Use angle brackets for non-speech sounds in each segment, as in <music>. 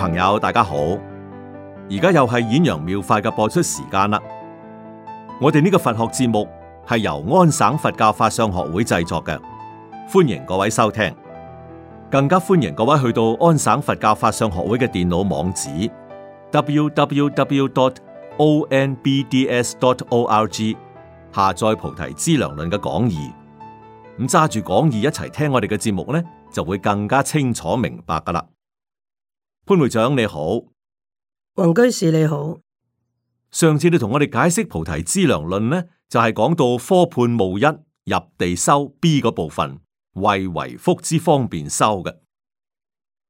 朋友，大家好！而家又係《演揚妙，妙法》嘅播出時間啦。我哋呢個佛學節目係由安省佛教法相學會製作嘅，歡迎各位收聽。更加歡迎各位去到安省佛教法相學會嘅電腦網址 www.onbds.org 下載《菩提資糧論》嘅講義。咁揸住講義一齊聽我哋嘅節目咧，就會更加清楚明白噶啦。潘會長你好，黃居士你好。上次你同我哋解釋菩提資糧論呢，就係、是、講到科判無一入地修 B 嗰部分為為福之方便修嘅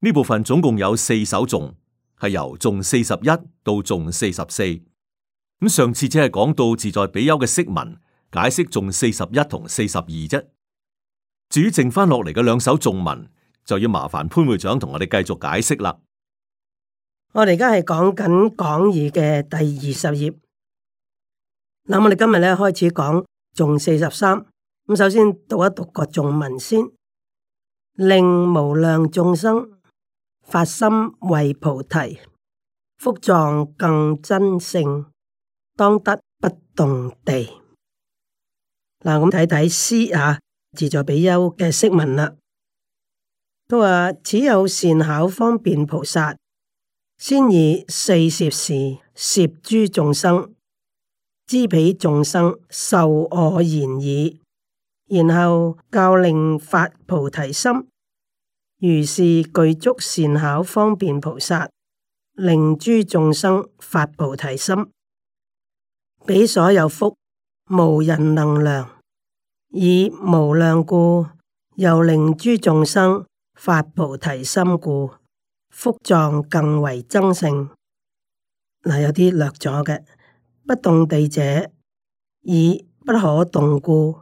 呢部分總共有四首頌，係由頌四十一到頌四十四。咁上次只係講到自在比丘嘅釋文，解釋頌四十一同四十二啫。至於剩返落嚟嘅兩首頌文，就要麻煩潘會長同我哋繼續解釋啦。我哋而家係講緊《講義》嘅第二十頁，嗱，我哋今日呢開始講頌四十三，咁首先讀一讀個頌文先，令無量眾生發心為菩提，福藏更真性，當得不動地。嗱，咁睇睇詩啊，自在比丘嘅釋文啦，都話，此有善巧方便菩薩。先以四攝事攝諸眾生，知彼眾生受我言耳，然後教令發菩提心。如是具足善巧方便菩薩，令諸眾生發菩提心，彼所有福無人能量，以無量故，又令諸眾生發菩提心故。福狀更為增盛，嗱，有啲略咗嘅不動地者，以不可動故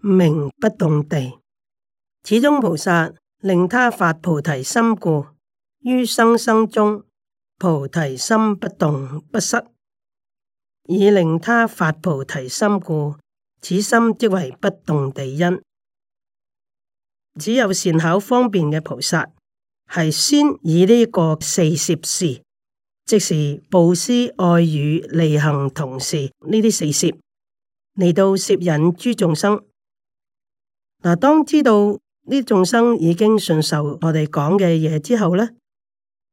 名不動地。始終菩薩令他發菩提心故，於生生中菩提心不動不失，以令他發菩提心故，此心即為不動地因。只有善巧方便嘅菩薩。係先以呢個四攝事，即是布施、愛語、利行、同事呢啲四攝嚟，到攝引諸眾生。嗱，當知道呢眾生已經信受我哋講嘅嘢之後咧，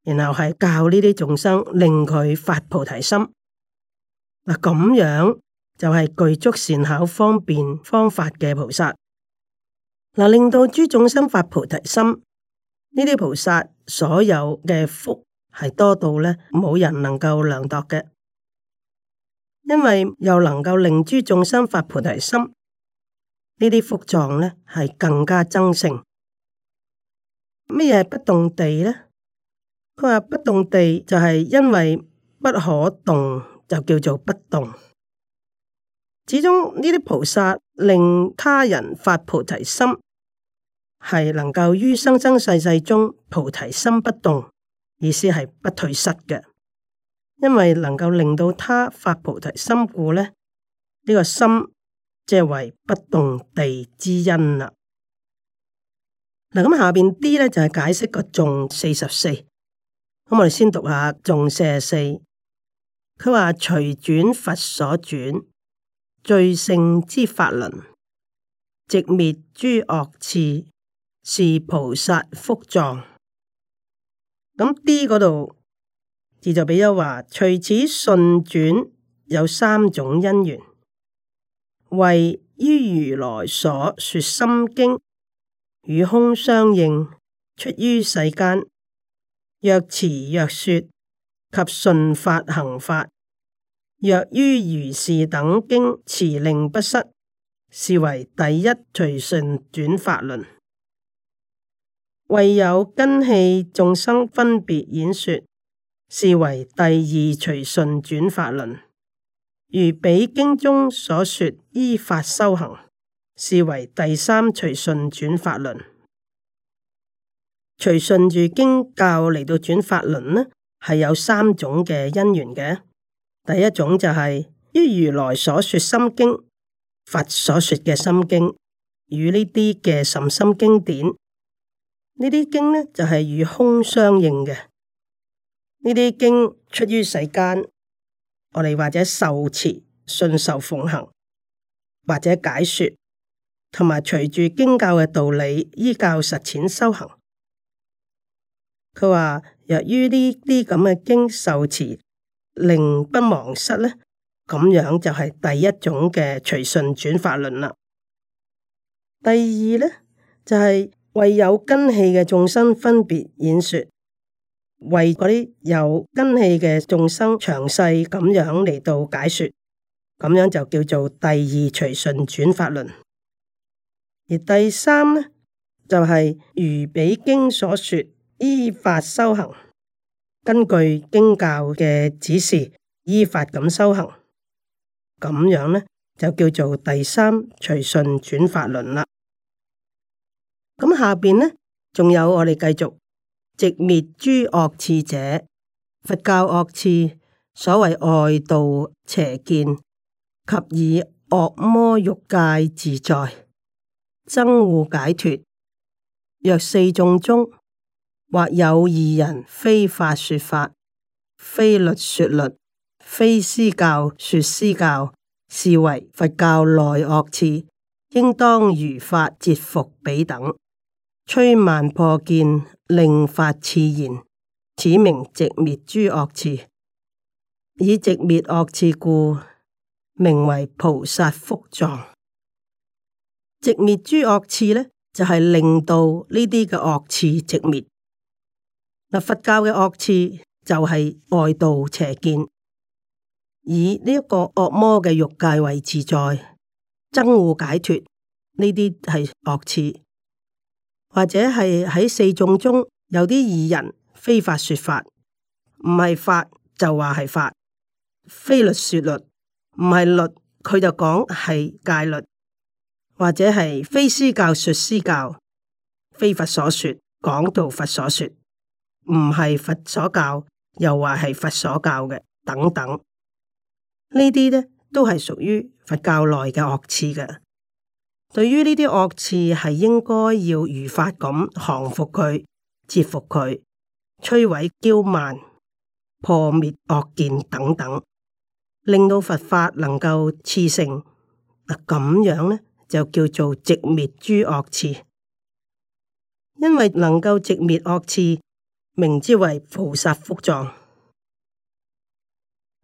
然後係教呢啲眾生令佢發菩提心。嗱，咁樣就係具足善巧方便方法嘅菩薩。嗱，令到諸眾生發菩提心。呢啲菩薩所有嘅福係多到咧，冇人能夠量度嘅，因為又能夠令諸眾生發菩提心，呢啲福藏咧係更加增盛。乜嘢係不動地咧？佢話不動地就係因為不可動，就叫做不動。始終呢啲菩薩令他人發菩提心。係能夠於生生世世中菩提心不動，意思係不退失嘅，因為能夠令到他發菩提心故呢，呢、這個心即為不動地之因」啦。嗱，咁下面 D 呢就係、是、解釋個重四十四，咁我哋先讀下重四十四，佢話隨轉佛所轉最勝之法輪，直滅諸惡次。是菩薩福藏。咁 D 嗰度，字就比丘話：，隨此順轉有三種因緣，為於如來所說心經與空相應，出於世間，若持若說及順法行法，若於如是等經持令不失，是為第一隨順轉法輪。為有根器眾生分別演說，是為第二隨順轉法輪；如比經中所說依法修行，是為第三隨順轉法輪。隨順住經教嚟到轉法輪呢，係有三種嘅因緣嘅。第一種就係、是、依如來所說心經，佛所說嘅心經，與呢啲嘅甚深經典。呢啲經咧就係、是、與空相應嘅，呢啲經出於世間，我哋或者受持、信受奉行，或者解說，同埋隨住經教嘅道理依教實踐修行。佢話若於呢啲咁嘅經受持，令不忘失咧，咁樣就係第一種嘅隨順轉法論啦。第二咧就係、是。為有根器嘅眾生分別演說，為嗰啲有根器嘅眾生詳細咁樣嚟到解說，咁樣就叫做第二隨順轉法輪。而第三呢，就係、是、如比經所說，依法修行，根據經教嘅指示，依法咁修行，咁樣呢就叫做第三隨順轉法輪啦。咁下邊呢？仲有，我哋繼續，直滅諸惡刺者，佛教惡刺，所謂外道邪見及以惡魔欲界自在憎惡解脱，若四眾中或有二人非法說法，非律說律，非師教說師教，是為佛教內惡刺，應當如法折伏彼等。摧慢破見，令法自然，此名直滅諸惡刺。以直滅惡刺故，名為菩薩福藏。直滅諸惡刺呢，就係、是、令到呢啲嘅惡刺直滅。嗱，佛教嘅惡刺就係外道邪見，以呢一個惡魔嘅欲界為自在，憎惡解脱呢啲係惡刺。或者係喺四眾中，中有啲異人非法說法，唔係法就話係法，非律說律，唔係律佢就講係戒律，或者係非師教說師教，非佛所說講道佛所說，唔係佛，佛所教又話係佛所教嘅等等，呢啲呢都係屬於佛教內嘅惡刺嘅。對於呢啲惡刺，係應該要如法咁降伏佢、折伏佢、摧毀驕慢、破滅惡見等等，令到佛法能夠熾盛，嗱，咁樣咧就叫做直滅諸惡刺。因為能夠直滅惡刺，名之為菩薩福藏。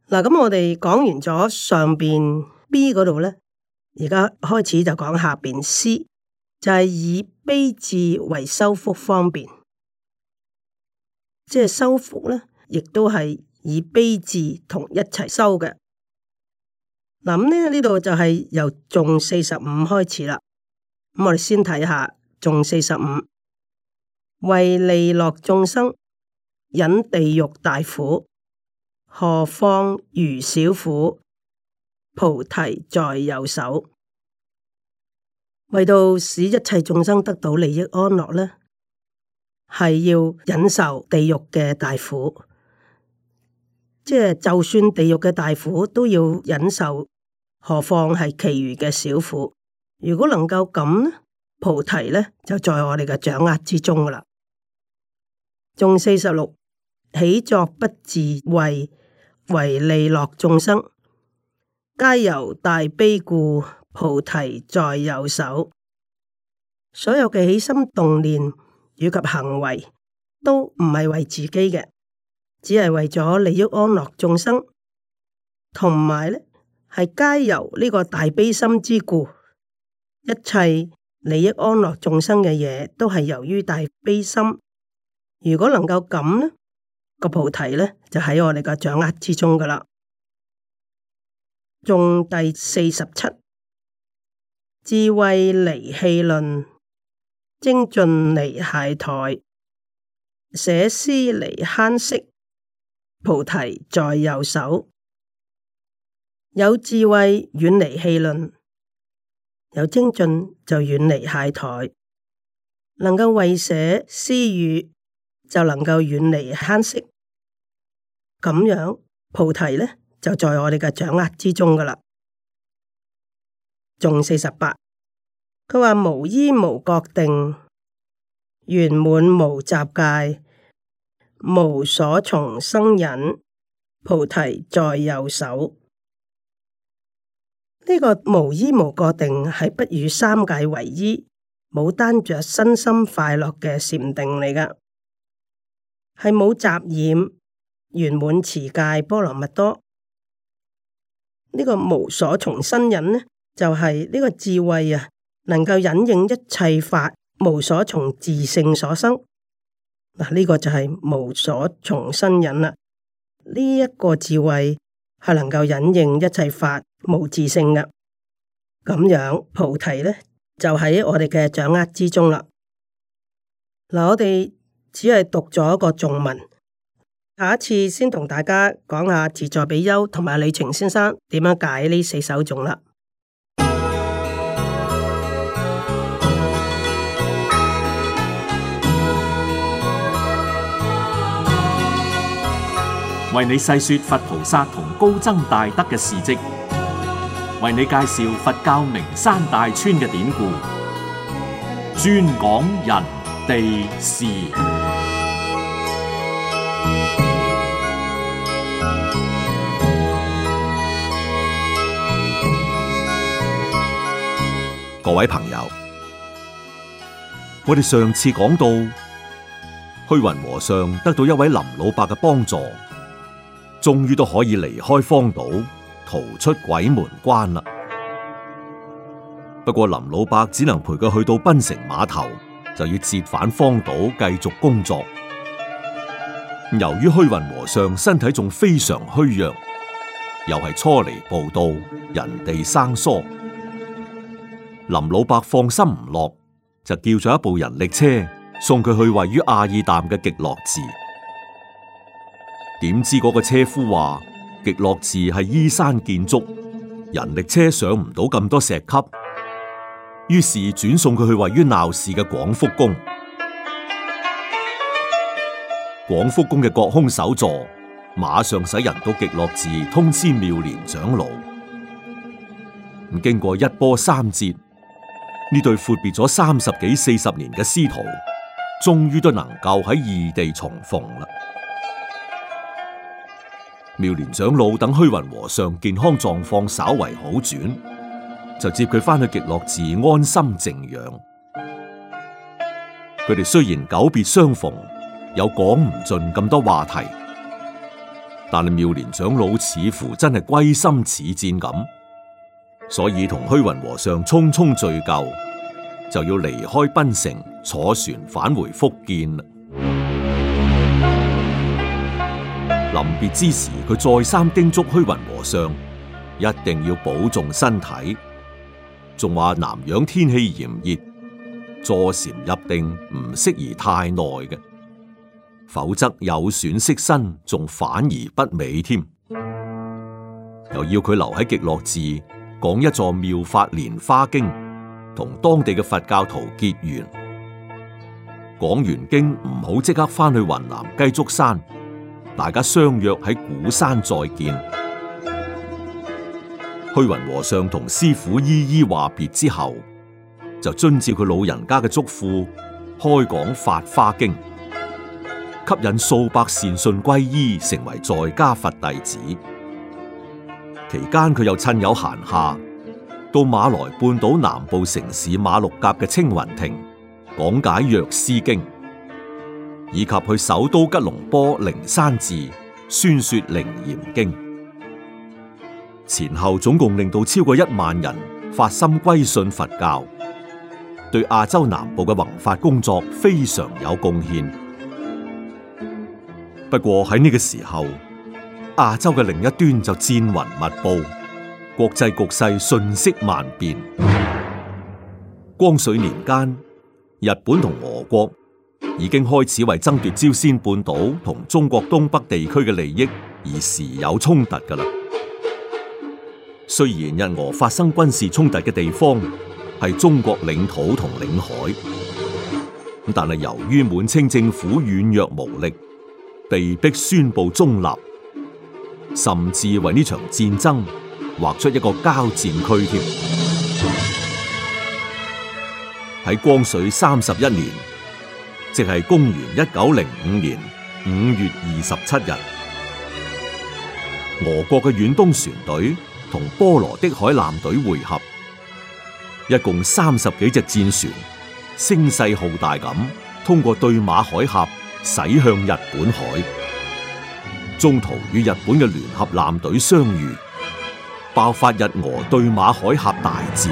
嗱，咁我哋講完咗上邊 B 嗰度咧。而家開始就講下邊詩，C，就係以悲字為修福方便，即係修福呢，亦都係以悲字同一齊修嘅。嗱，咁呢度就係由頌四十五開始啦。咁、嗯、我哋先睇下頌四十五，45，為利樂眾生，忍地獄大苦，何況如小苦？菩提在右手，為到使一切眾生得到利益安樂呢，係要忍受地獄嘅大苦，即係就算地獄嘅大苦都要忍受，何況係其餘嘅小苦？如果能夠咁呢，菩提呢就在我哋嘅掌握之中啦。頌四十六，起作不自為，為利樂眾生。皆由大悲故，菩提在右手。所有嘅起心動念以及行為，都唔係為自己嘅，只係為咗利益安樂眾生。同埋咧，係皆由呢個大悲心之故，一切利益安樂眾生嘅嘢，都係由於大悲心。如果能夠咁咧，個菩提咧就喺我哋個掌握之中噶啦。頌第四十七，智慧離戲論，精進離懈怠，捨施離慳惜，菩提在右手，有智慧遠離戲論，有精進就遠離懈怠，能夠為捨施語就能夠遠離慳惜，咁樣菩提呢？就在我哋嘅掌握之中噶啦，仲四十八。佢話無依無覺定，圓滿無雜戒，無所從生忍，菩提在右手。呢、這個無依無覺定係不與三界為依，冇單着身心快樂嘅禪定嚟噶，係冇雜染，圓滿持戒波羅蜜多。呢個無所從生忍」呢，就係、是、呢個智慧啊，能夠忍認一切法無所從自性所生嗱，呢、這個就係無所從生忍」啦。呢一個智慧係能夠忍認一切法無自性噶，咁樣菩提呢，就喺我哋嘅掌握之中啦。嗱，我哋只係讀咗一個頌文。下一次先同大家講下自在比丘同埋李晴先生點樣解呢四首頌啦。為你細說佛菩薩同高僧大德嘅事跡，為你介紹佛教名山大川嘅典故，專講人地事。各位朋友，我哋上次講到，虛雲和尚得到一位林老伯嘅幫助，終於都可以離開荒島，逃出鬼門關啦。不過林老伯只能陪佢去到檳城碼頭，就要折返荒島繼續工作。由於虛雲和尚身體仲非常虛弱，又係初嚟甫到，人地生疏。林老伯放心唔落，就叫咗一部人力車送佢去位於阿爾淡嘅極樂寺。點知嗰個車夫話極樂寺係依山建築，人力車上唔到咁多石級，於是轉送佢去位於鬧市嘅廣福宮。廣福宮嘅國空首座馬上使人到極樂寺通知妙蓮長老。咁經過一波三折。呢對闊別咗三十幾、四十年嘅師徒，終於都能夠喺異地重逢啦。妙蓮長老等虛雲和尚健康狀況稍為好轉，就接佢翻去極樂寺安心靜養。佢哋雖然久別相逢，有講唔盡咁多話題，但係妙蓮長老似乎真係歸心似箭咁。所以同虛雲和尚匆匆敘舊，就要離開檳城，坐船返回福建。臨別 <music> 之時，佢再三叮囑虛雲和尚，一定要保重身體，仲話南洋天氣炎熱，坐禪入定唔適宜太耐嘅，否則有損色身，仲反而不美添。又要佢留喺極樂寺講一座妙法蓮花經，同當地嘅佛教徒結緣。講完經唔好即刻翻去雲南雞足山，大家相約喺鼓山再見。虛雲和尚同師傅依依話別之後，就遵照佢老人家嘅囑咐，開講法花經，吸引數百善信皈依，成為在家佛弟子。期間佢又趁有閒下，到馬來半島南部城市馬六甲嘅青雲亭講解《藥師經》，以及去首都吉隆坡靈山寺宣說《靈嚴經》，前後總共令到超過一萬人發心歸信佛教，對亞洲南部嘅弘法工作非常有貢獻。不過喺呢個時候，亞洲嘅另一端就戰雲密布，國際局勢瞬息萬變。光緒年間，日本同俄國已經開始為爭奪朝鮮半島同中國東北地區嘅利益而時有衝突噶啦。雖然日俄發生軍事衝突嘅地方係中國領土同領海，但係由於滿清政府軟弱無力，被迫宣布中立。甚至為呢場戰爭劃出一個交戰區，添喺光緒三十一年，即係公元一九零五年五月二十七日，俄國嘅遠東船隊同波羅的海艦隊匯合，一共三十幾隻戰船，聲勢浩大咁，通過對馬海峽駛向日本海。中途與日本嘅聯合艦隊相遇，爆發日俄對馬海峽大戰。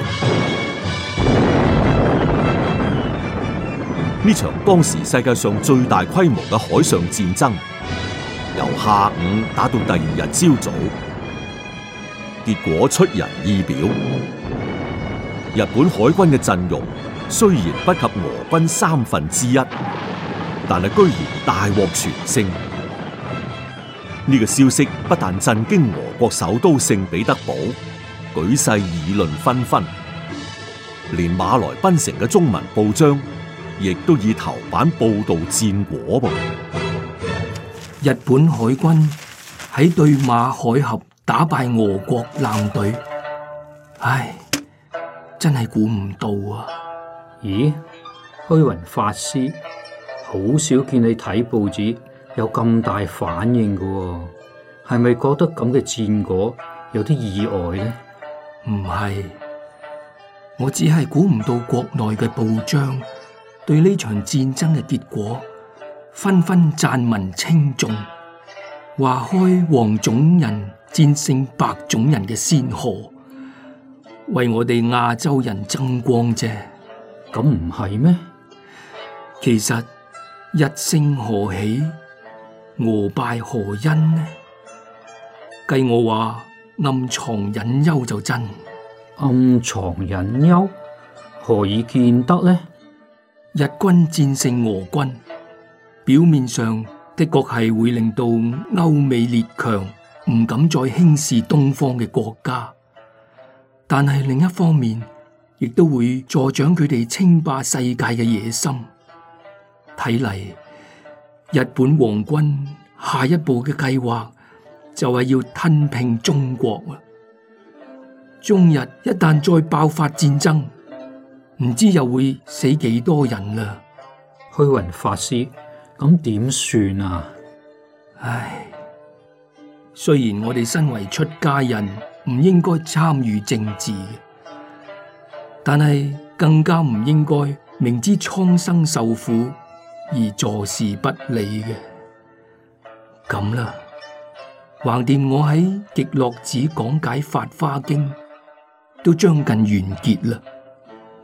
呢 <noise> 場當時世界上最大規模嘅海上戰爭，由下午打到第二日朝早，結果出人意表。日本海軍嘅陣容雖然不及俄軍三分之一，但係居然大獲全勝。呢個消息不但震驚俄國首都聖彼得堡，舉世議論紛紛，連馬來檳城嘅中文報章亦都以頭版報道戰果噃。日本海軍喺對馬海峽打敗俄國艦隊，唉，真係估唔到啊！咦，虛雲法師，好少見你睇報紙。有咁大反應嘅喎，哦，係咪覺得咁嘅戰果有啲意外呢？唔係，我只係估唔到國內嘅報章對呢場戰爭嘅結果紛紛贊文稱頌，話開黃種人戰勝白種人嘅先河，為我哋亞洲人爭光啫。咁唔係咩？其實一聲何起？俄敗何因呢？計我話暗藏隱憂就真。暗藏隱憂何以見得呢？日軍戰勝俄軍，表面上的確係會令到歐美列強唔敢再輕視東方嘅國家，但係另一方面，亦都會助長佢哋稱霸世界嘅野心。睇嚟。日本皇軍下一步嘅計劃就係要吞併中國啊！中日一旦再爆發戰爭，唔知又會死幾多人啦！虛雲法師，咁點算啊？唉，雖然我哋身為出家人，唔應該參與政治，但係更加唔應該明知蒼生受苦。而坐視不理嘅。咁啦，橫掂我喺極樂寺講解《法花經》都將近完結啦，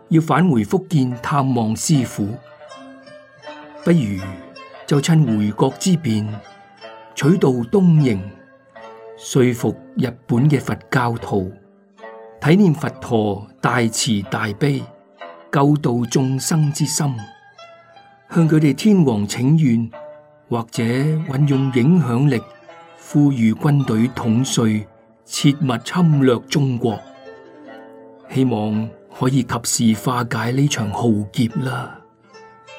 要返回福建探望師父，不如就趁回國之便，取道東瀛，說服日本嘅佛教徒體念佛陀大慈大悲、救度眾生之心。向佢哋天皇請願，或者運用影響力呼籲軍隊統帥切勿侵略中國，希望可以及時化解呢場浩劫啦。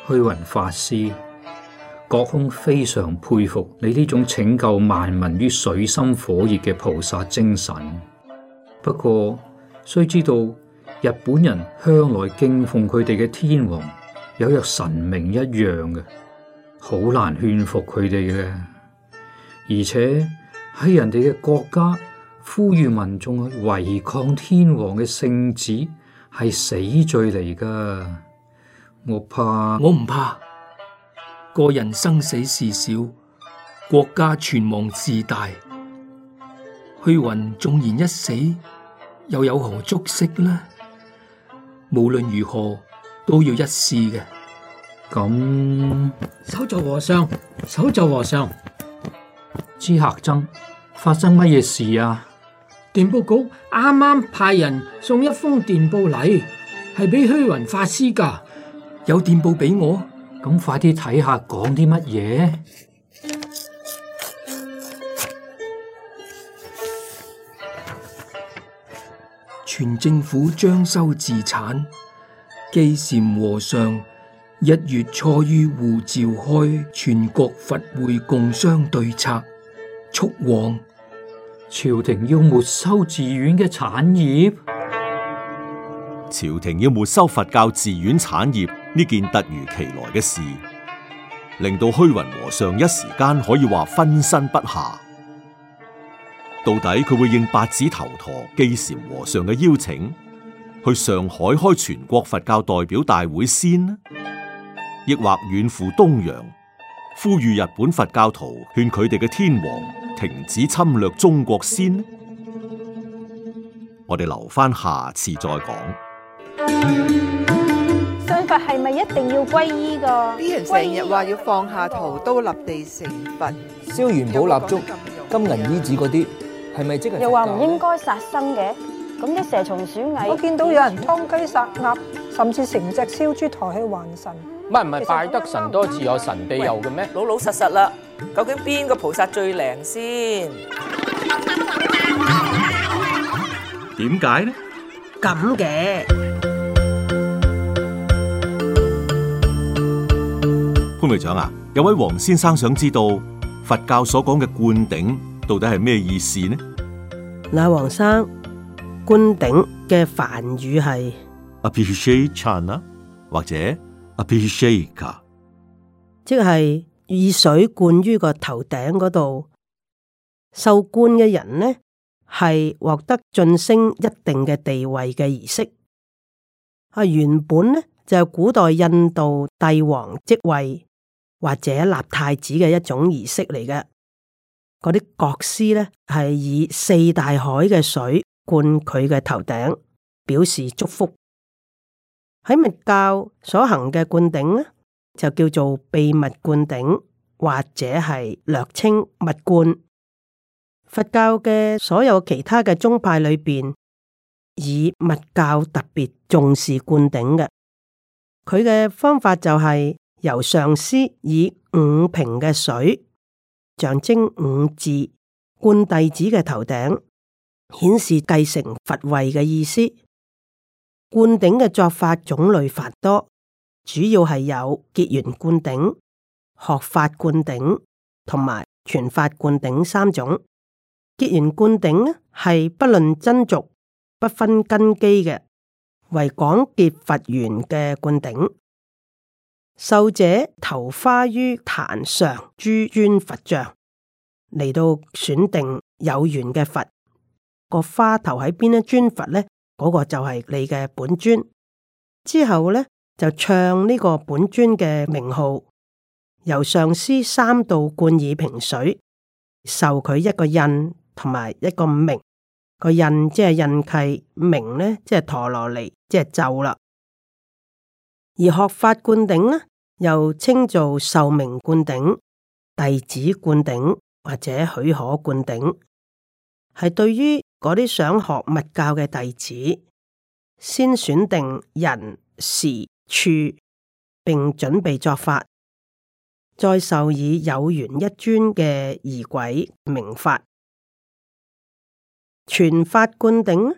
虛雲法師，覺空非常佩服你呢種拯救萬民於水深火熱嘅菩薩精神。不過，需知道日本人向來敬奉佢哋嘅天皇。有若神明一樣嘅，好難勸服佢哋嘅。而且喺人哋嘅國家呼籲民眾去違抗天皇嘅聖旨，係死罪嚟噶。我怕，我唔怕。個人生死事小，國家存亡事大。虛雲縱然一死，又有何足惜呢？無論如何。都要一試嘅，咁。首座和尚，首座和尚。知客僧，發生乜嘢事啊？電報局啱啱派人送一封電報嚟，係俾虛雲法師噶。有電報俾我，咁快啲睇下講啲乜嘢？全政府徵收自產。基禪和尚一月初於滬召開全國佛會，共商對策。速往。朝廷要沒收寺院嘅產業？朝廷要沒收佛教寺院產業呢件突如其來嘅事，令到虛雲和尚一時間可以話分身不下。到底佢會應八指頭陀寄禪和尚嘅邀請，去上海開全國佛教代表大會先，抑或遠赴東洋，呼籲日本佛教徒勸佢哋嘅天皇停止侵略中國先？我哋留翻下，下次再講。信佛係咪一定要皈依噶？啲人成日話要放下屠刀立地成佛，燒元寶蠟燭、有有金銀衣紙嗰啲，係咪即係？又話唔應該殺生嘅？咁啲蛇蟲鼠蟻，我見到有人劏雞殺鴨，甚至成隻燒豬抬起還神。唔係唔係，拜得神多自有神庇佑嘅咩？老老實實啦，究竟邊個菩薩最靈先？點解呢？咁嘅潘會長啊，有位黃先生想知道佛教所講嘅灌頂到底係咩意思呢？嗱，黃生。灌頂嘅梵語係，或者即係以水灌於個頭頂嗰度，受灌嘅人呢，係獲得晉升一定嘅地位嘅儀式。啊，原本呢，就係、是、古代印度帝王即位或者立太子嘅一種儀式嚟嘅。嗰啲國師呢，係以四大海嘅水。灌佢嘅頭頂，表示祝福。喺密教所行嘅灌頂咧，就叫做秘密灌頂，或者係略稱密灌。佛教嘅所有其他嘅宗派裏邊，以密教特別重視灌頂嘅，佢嘅方法就係、是、由上師以五瓶嘅水，象徵五智，灌弟子嘅頭頂。顯示繼承佛位嘅意思，灌頂嘅作法種類繁多，主要係有結緣灌頂、學法灌頂同埋傳法灌頂三種。結緣灌頂係不論真俗、不分根基嘅，為廣結佛緣嘅灌頂。受者投花於壇上諸尊佛像，嚟到選定有緣嘅佛。個花頭喺邊一尊佛咧，嗰、嗰個就係你嘅本尊。之後咧就唱呢個本尊嘅名號，由上師三度灌以瓶水，授佢一個印同埋一個名。個印即係印契，名咧即係陀羅尼，即係咒啦。而學法灌頂咧，又稱做受明灌頂、弟子灌頂或者許可灌頂，係對於，嗰啲想學密教嘅弟子，先選定人、時、處，並準備作法，再授以有緣一尊嘅儀軌名法。傳法灌頂，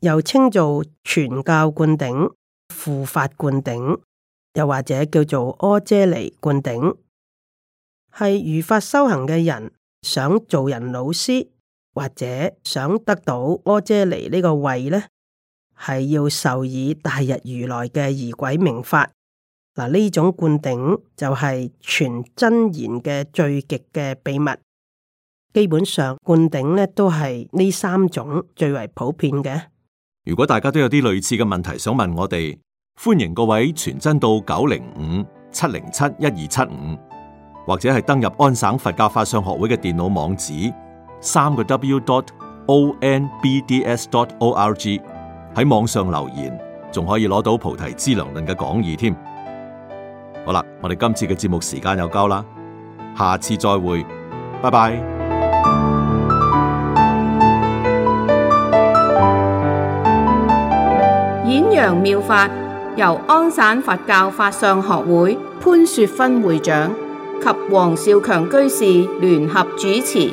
又稱做傳教灌頂、付法灌頂，又或者叫做阿闍梨灌頂，係如法修行嘅人想做人老師。或者想得到阿闍梨呢個位咧，係要受以大日如來嘅儀軌明法。嗱，呢種灌頂就係全真言嘅最極嘅秘密。基本上灌頂咧都係呢三種最為普遍嘅。如果大家都有啲類似嘅問題想問我哋，歡迎各位傳真到九零五七零七一二七五，75, 或者係登入安省佛教法相學會嘅電腦網址。三個 w.dot.o.n.b.d.s.dot.o.r.g 喺網上留言，仲可以攞到菩提資糧論嘅講義添。好啦，我哋今次嘅節目時間又夠啦，下次再會，拜拜。演揚妙法由安省佛教法相學會潘雪芬會長及黃少強居士聯合主持。